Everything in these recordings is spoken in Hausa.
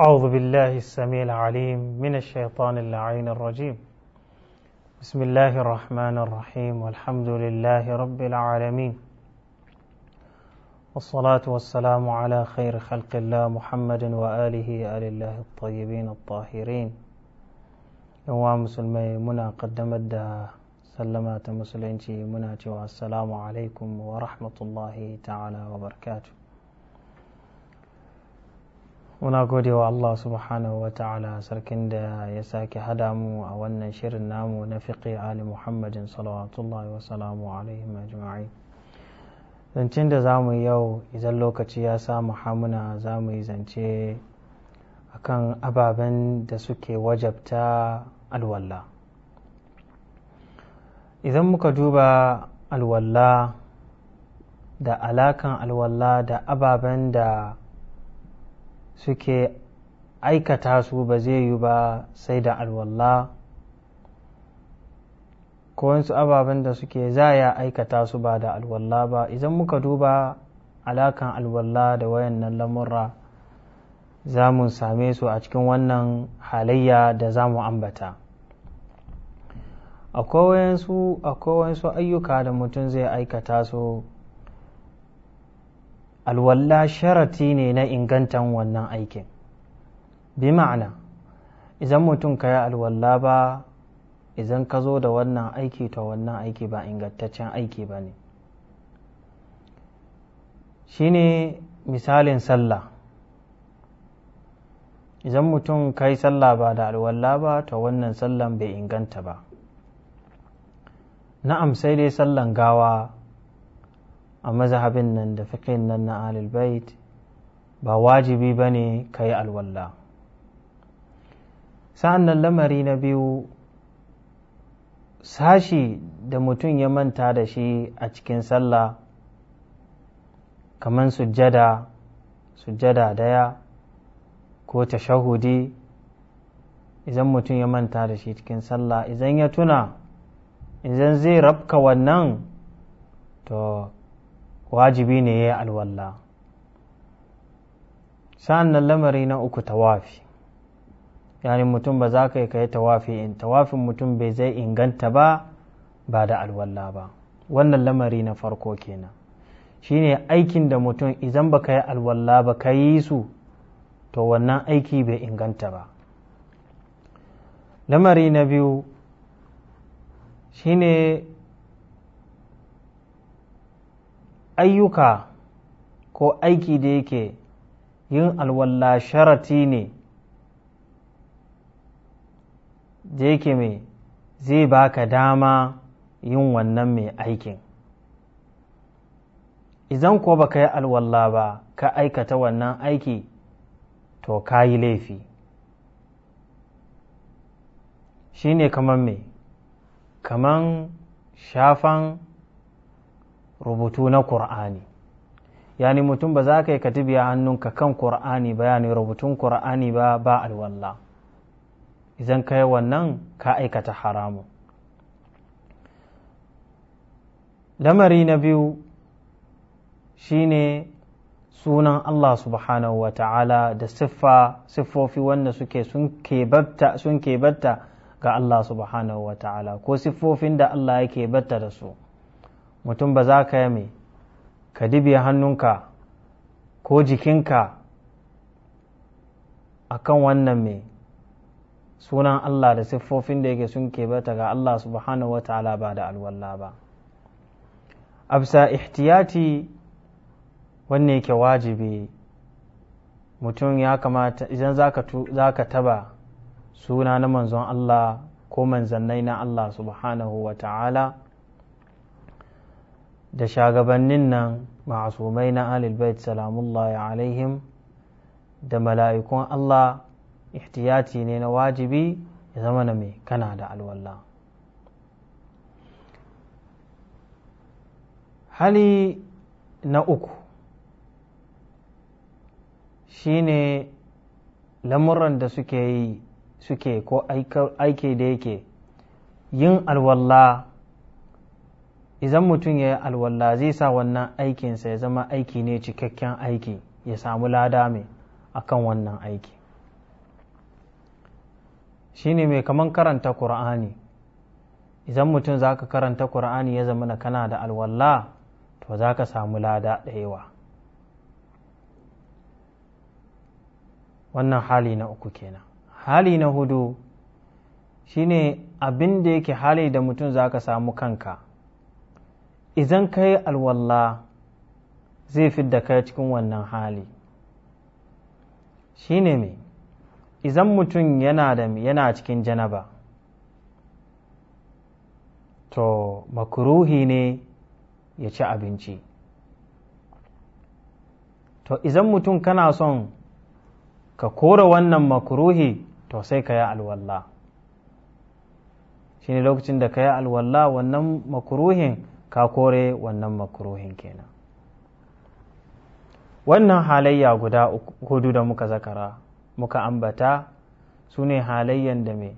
أعوذ بالله السميع العليم من الشيطان اللعين الرجيم بسم الله الرحمن الرحيم والحمد لله رب العالمين والصلاة والسلام على خير خلق الله محمد وآله آل الله الطيبين الطاهرين يوم مسلمي منا قدمت دا سلمات مسلمين منا السلام عليكم ورحمة الله تعالى وبركاته muna gode wa Allah subhanahu wa ta'ala sarkin da ya sake hada mu a wannan shirin namu na fiqi ali muhammadin salawatullahi wa salamu alaihi majma'i zancen da za mu yau idan lokaci ya sa hamuna za mu yi zance akan ababen da suke wajabta alwalla idan muka duba alwalla da alakan alwalla da ababen da suke aikata su ba zai yi ba sai da alwalla ko wasu ababen da suke zaya aikata su ba da alwalla ba idan muka duba alakan alwalla da wayannan lamurra za mu same su a cikin wannan halayya da za mu ambata akwai wayansu ayyuka da mutum zai aikata su alwalla sharati ne na ingantan wannan aikin bi ma'ana idan mutum ka yi alwalla ba idan ka zo da wannan aiki ta wannan aiki ba ingantaccen aiki ba ne shi ne misalin sallah idan mutum ka yi sallah ba da alwalla ba ta wannan sallan bai inganta ba na'am sai dai sallan gawa a mazhabin nan da fiƙin nan na alilbait ba wajibi ba ne ka yi alwallah sa'an nan lamari na biyu sashi da mutum ya manta da shi a cikin sallah kamar sujjada sujjada daya ko tashahudi idan mutum ya manta da shi cikin sallah idan ya tuna idan zai rabka wannan to wajibi ne ya yi alwalla sa'an lamari na uku tawafi yani mutum ba za ka yi ka yi tawafi in tawafin mutum bai zai inganta ba ba da alwalla ba wannan lamari na farko kenan shi ne aikin da mutum idan ba ka yi alwalla ba ka yi su to wannan aiki bai inganta ba lamari na biyu shi ne. ayyuka ko aiki da yake yin alwalla sharati ne da yake mai zai baka dama yin wannan mai aikin idan ko baka yi alwalla ba ka aikata wannan aiki to ka yi laifi shi ne kamar mai kaman shafan rubutu na ƙur'ani yani mutum ba za ka yi hannun ka kan ƙur'ani ba yani rubutun ƙur'ani ba ba alwalla idan ka yi wannan ka aikata haramu lamari na biyu shine sunan Allah subhanahu wa ta'ala da siffa siffofi wanda suke sun kebatta ga Allah subhanahu wa ta'ala ko siffofin da Allah ya kebatta da su mutum ba za ka yame ka dibiya hannunka ko jikinka a kan wannan mai sunan Allah da siffofin da yake sun bata ga Allah subhanahu wa ta'ala ba da alwalla ba absa ihtiyati wanne yake wajibi mutum ya kamata idan za ka taba suna na manzon Allah ko manzannai na Allah subhanahu wa ta'ala da shagabannin nan ma'asumai na alilbait salamullahi alaihim da mala'ikun Allah ihtiyati ne na wajibi ya zama na mai kana da alwallah hali na uku shine lamuran da suke yi suke ko aike da yake yin alwallah idan mutum ya yi alwala zai sa wannan aikinsa ya zama aiki ne cikakken aiki ya samu lada mai kan wannan aiki Shi ne mai kaman karanta ƙur'ani idan mutum za ka karanta ƙur'ani ya zama na kana da alwala to za ka samu lada ɗayawa wannan hali na uku kenan hali na hudu shi ne abin da yake hali da mutum za ka samu kanka idan ka yi alwalla zai fidda kai cikin wannan hali shi ne mai idan mutum yana da yana cikin janaba to makuruhi ne ya ci abinci to idan mutum kana son ka kora wannan makuruhi to sai ka yi alwalla shi ne lokacin da ka yi alwalla wannan makuruhin ka kore wannan makruhin kenan wannan halayya guda hudu da muka zakara muka ambata su ne halayyan da me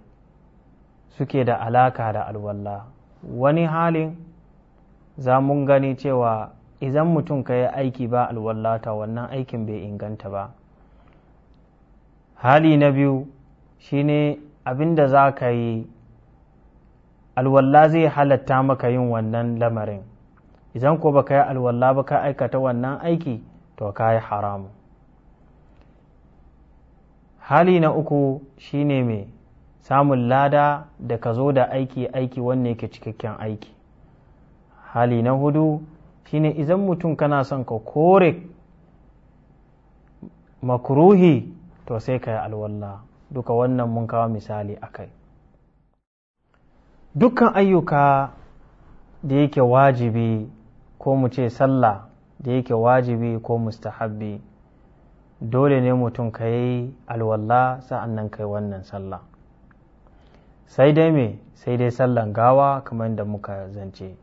suke da alaka da alwalla wani halin za mun gani cewa idan mutum ka yi aiki ba alwallata wannan aikin bai inganta ba hali na biyu shine abin da za ka yi alwalla zai halatta maka yin wannan lamarin idan ko baka yi alwalla ba ka aikata wannan aiki to ka yi haramu hali na uku shine mai samun lada da ka zo da aiki aiki wanne ke cikakken aiki hali na hudu shine idan mutum kana son ka kore makuruhi to sai ka yi alwalla duka wannan mun kawo misali akai. kai dukkan ayyuka da yake wajibi ko mu ce sallah da yake wajibi ko mustahabbi dole ne mutum ka yi alwallah sa'an nan kai wannan sallah sai dai me sai dai sallan gawa kamar da muka zance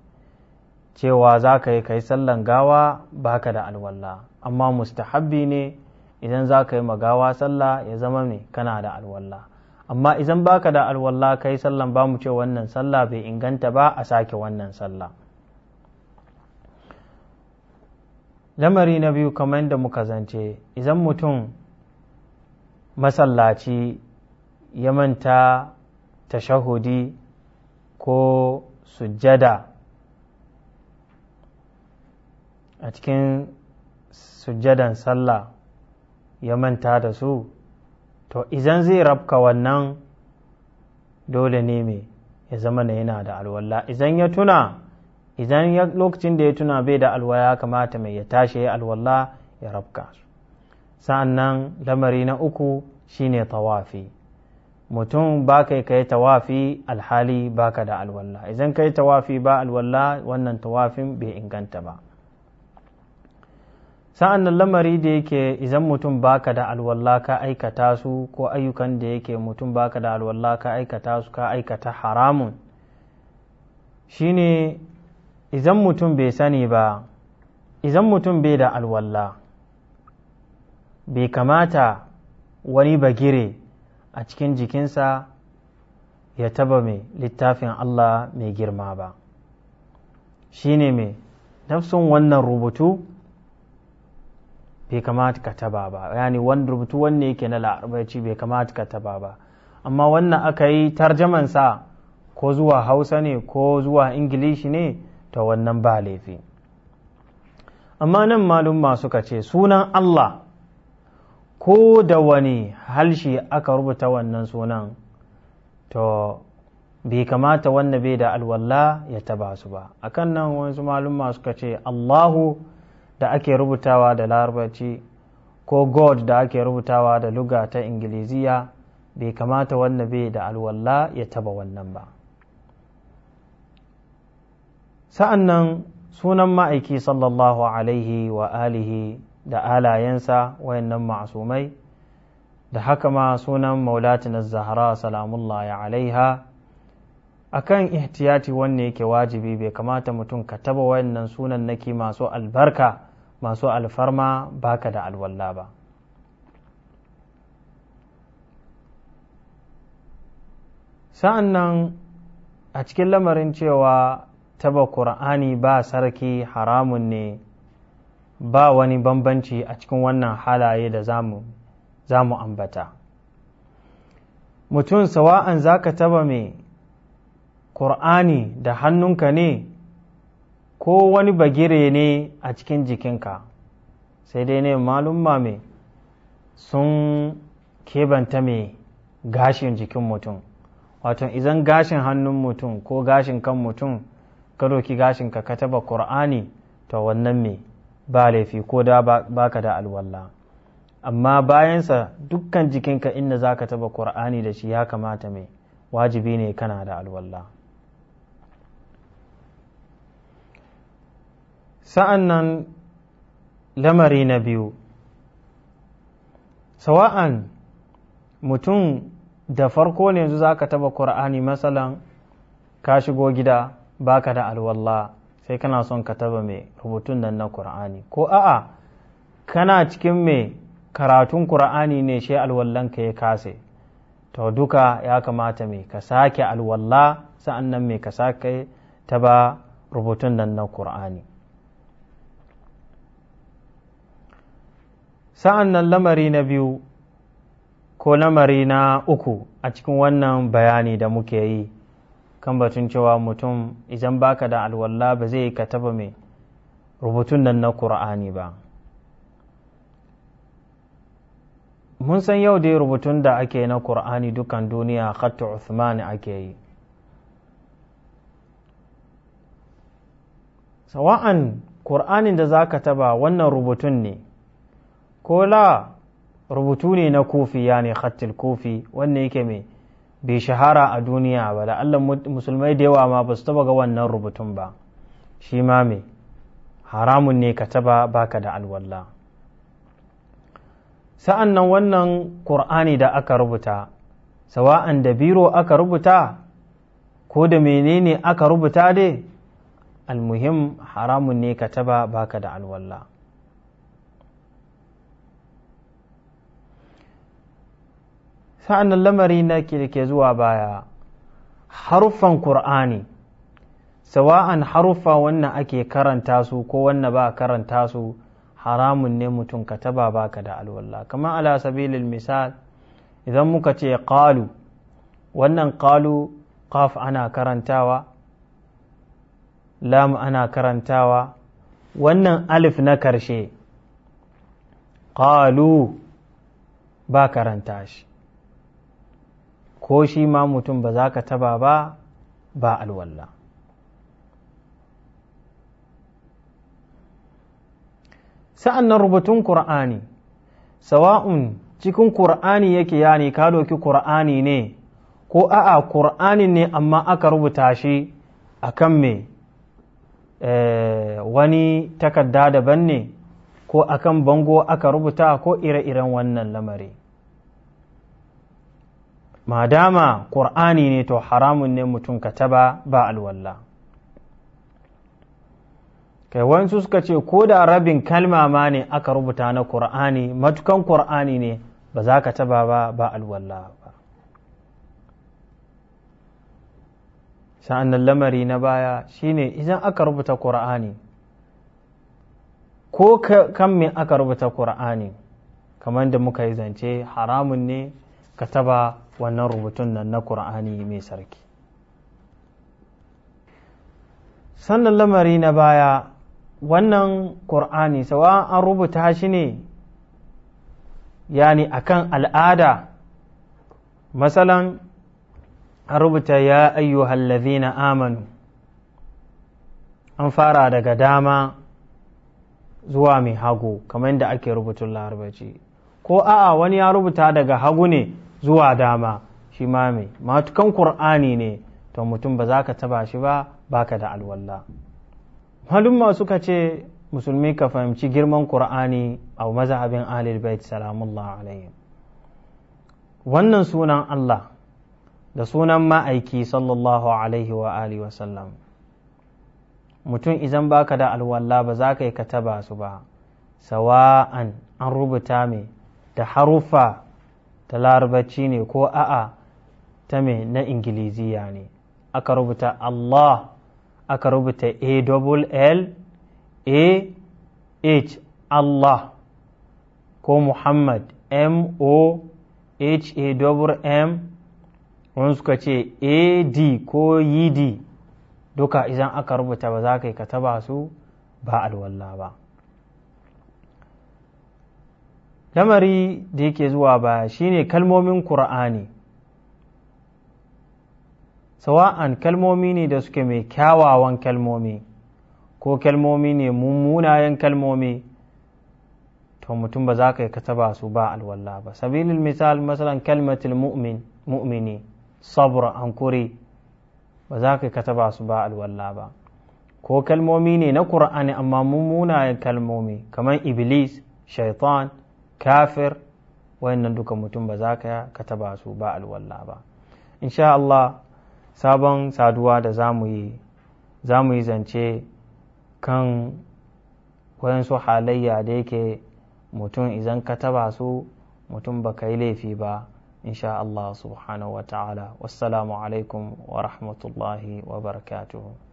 cewa za ka yi ka yi sallan gawa baka da alwallah amma mustahabbi ne idan za ka yi magawa sallah ya zama me kana da alwallah amma idan baka da alwala kai sallan ba mu ce wannan sallah bai inganta ba a sake wannan sallah lamari na biyu kamar yadda muka zance izan mutum masallaci ya manta tashahudi ko sujjada a cikin sujjadan sallah ya manta da su to izan zai rabka wannan dole ne mai ya zama na yana da alwala izan ya tuna idan lokacin da ya tuna bai da alwala kamata mai ya tashi ya alwala ya rabka su sa'annan lamari na uku shine tawafi mutum ba kai kai tawafi alhali baka da alwala Izan kai tawafi ba alwala wannan tawafin bai inganta ba sa'an nan lamari da yake izan mutum baka da alwallah ka aikata su ko ayyukan da yake mutum baka da alwallah ka aikata su ka aikata haramun shine izan mutum bai sani ba izan mutum bai da alwallah bai kamata wani bagire a cikin jikinsa ya taba mai littafin Allah mai girma ba shine mai nafsun wannan rubutu bai kamata ka taba ba yani wani rubutu wanne yake na larabaci bai kamata ka taba ba amma wannan aka yi tarjaman sa ko zuwa hausa ne ko zuwa ingilishi ne ta wannan ba laifi amma nan malumma suka ce sunan allah ko da wani halshi aka rubuta wannan sunan to bai kamata wannan bai da alwalla ya taba su ba akan nan wasu malumma suka ce allahu da ake rubutawa da larabaci ko god da ake rubutawa da luga ta ingiliziya bai kamata wannan bai da alwalla ya taba wannan ba sa'an nan sunan ma'aiki sallallahu alaihi wa alihi da alayensa wayannan masumai da haka ma sunan maulatin zahra salamullahi alaiha akan ihtiyati wanne yake wajibi bai kamata mutum ka taba wayannan sunan naki masu albarka masu alfarma baka da alwalla ba sa'an nan a cikin lamarin cewa taba ƙur'ani ba sarki haramun ne ba wani bambanci a cikin wannan halaye da za mu ambata mutum sawa'an za ka taba mai ƙur'ani da hannunka ne ko wani bagire ne a cikin jikinka sai dai ne malumma mame sun kebanta mai gashin jikin mutum wato izan gashin hannun mutum ko gashin kan mutum ka ki gashin ka ka taba ƙur'ani to wannan mai ba laifi ko da ba ka da alwalla amma bayansa dukkan jikinka inda za ka taba ƙur'ani da shi ya kamata mai wajibi ne kana da alwallah sa'an nan lamari na biyu sawa'an mutum da farko ne yanzu za ka taba ƙur'ani matsalan ka shigo gida baka da alwallah sai kana son ka taba mai rubutun nan na ƙur'ani ko a'a kana cikin mai karatun ƙur'ani ne shi ka ya kase to duka ya kamata mai ka sake alwallah sa'an nan mai ka sake taba rubutun nan na ƙur'ani sa'an nan lamari na biyu ko lamari na uku a cikin wannan bayani da muke yi kan batun cewa mutum idan baka da alwalla ba zai ka taba mai rubutun nan na ƙura'ani ba mun san yau dai rubutun da ake na ƙura'ani dukan duniya khattu Uthman ake yi sawa'an ƙura'anin da za ka taba wannan rubutun ne ko la rubutu ne na kofi ya ne khattil kofi wannan yake mai bai shahara a duniya ba da allah musulmai da yawa ma ba su taba ga wannan rubutun ba shi ma mai haramun ne ka taba baka da alwalla sa'an nan wannan ƙur'ani da aka rubuta sawa'an da biro aka rubuta ko da menene aka rubuta dai almuhim haramun ne ka taba baka da alwalla sa'annan lamari na ke da ke zuwa baya haruffan ƙur'ani sawa'an haruffa wannan ake karanta su ko wannan ba karanta su haramun ne mutum ka taba baka da alwala kamar ala sabilil misal idan muka ce qalu wannan qalu qaf ana karantawa lam ana karantawa wannan alif na karshe qalu ba karanta shi ko shi ma mutum ba za ka taba ba ba alwallah sa'an nan rubutun ƙur'ani sawa'un cikin ƙur'ani yake yani ka doki ƙur'ani ne ko a'a ƙur'ani ne amma aka rubuta shi a kan me eh, wani takarda daban ne ko akan bango aka rubuta ko ire-iren wannan lamari Madama dama ƙur'ani ne to haramun ne mutum ka taba ba alwallah kai wansu suka ce ko da rabin kalma ma ne aka rubuta na ƙur'ani matukan ƙur'ani ne ba za ka taba ba ba alwallah ba sa'annan lamari na baya shine idan aka rubuta ƙur'ani ko kan me aka rubuta ƙur'ani kamar da muka yi zance haramun ne ka taba wannan rubutun nan na ƙur'ani mai sarki sannan lamari na baya wannan ƙur'ani sawa an rubuta shi ne yani akan al'ada matsalan an rubuta ya na amanu an fara daga dama zuwa mai hagu kamar yadda ake rubutun larabaci ko a'a wani ya rubuta daga hagu ne zuwa dama shi ma mai matukan ƙur'ani ne to mutum ba za ka taba shi ba baka da alwalla malumma suka ce musulmi ka fahimci girman ƙur'ani a mazhabin ahlul bait salamullah alaihim wannan sunan Allah da sunan ma'aiki sallallahu alaihi wa alihi mutum idan baka da alwalla ba za ka yi taba su ba sawa'an an rubuta mai da haruffa ta larabaci ne ko a'a ta me na ingiliziya ne aka rubuta Allah aka rubuta a double l a h Allah ko Muhammad m o h a double m wani suka ce a d ko yi e, d duka idan aka rubuta ba za ka yi ka ba su ba alwallah ba lamari da yake zuwa ba shine kalmomin ƙur'ani sawa'an kalmomi ne da suke mai kyawawan kalmomi ko kalmomi ne mummunayen kalmomi to mutum ba za ka yi kataba su ba alwallah ba sabilin misal masalan kalmatul mu'mini sabr ankuri ba za ka yi kataba su ba alwallah ba ko kalmomi ne na ƙur'ani amma mummunayen kalmomi kamar iblis shaitan kafir wayannan duka mutum ba za ka ka taba su ba alwalla ba insha Allah sabon saduwa da za mu yi za mu yi zance kan wayansu halayya da yake mutum idan ka taba su mutum ba ka yi laifi ba insha Allah subhanahu wa ta'ala wassalamu alaikum wa rahmatullahi wa barakatuhu